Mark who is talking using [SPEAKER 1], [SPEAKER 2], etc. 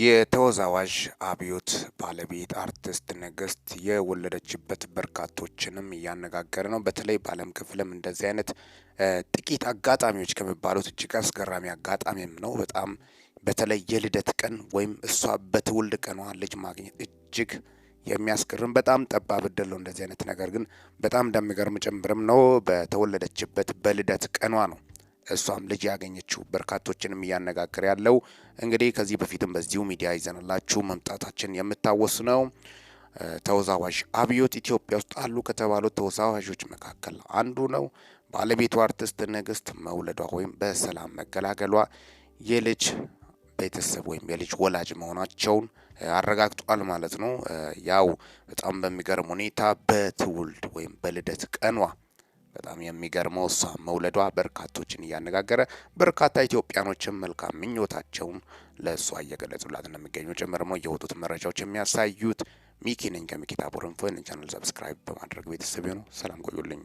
[SPEAKER 1] የተወዛዋዥ አብዮት ባለቤት አርቲስት ንግስት የወለደችበት በርካቶችንም እያነጋገረ ነው። በተለይ በዓለም ክፍልም እንደዚህ አይነት ጥቂት አጋጣሚዎች ከሚባሉት እጅግ አስገራሚ አጋጣሚም ነው። በጣም በተለይ የልደት ቀን ወይም እሷ በትውልድ ቀኗ ልጅ ማግኘት እጅግ የሚያስገርም በጣም ጠባብ እድል ነው እንደዚህ አይነት ነገር ግን በጣም እንደሚገርም ጭምርም ነው። በተወለደችበት በልደት ቀኗ ነው እሷም ልጅ ያገኘችው በርካቶችንም እያነጋገረ ያለው እንግዲህ ከዚህ በፊትም በዚሁ ሚዲያ ይዘንላችሁ መምጣታችን የምታወስ ነው። ተወዛዋዥ አብዮት ኢትዮጵያ ውስጥ አሉ ከተባሉ ተወዛዋዦች መካከል አንዱ ነው። ባለቤቱ አርቲስት ንግስት መውለዷ ወይም በሰላም መገላገሏ የልጅ ቤተሰብ ወይም የልጅ ወላጅ መሆናቸውን አረጋግጧል ማለት ነው። ያው በጣም በሚገርም ሁኔታ በትውልድ ወይም በልደት ቀኗ በጣም የሚገርመው እሷ መውለዷ በርካቶችን እያነጋገረ በርካታ ኢትዮጵያኖችም መልካም ምኞታቸውን ለእሷ እየገለጹላት እንደሚገኙ ጭምርሞ ነው የወጡት መረጃዎች የሚያሳዩት። ሚኪ ነኝ ከሚኪታ ቦረንፎን ቻናል ሰብስክራይብ በማድረግ ቤተሰብ ነው። ሰላም ቆዩልኝ።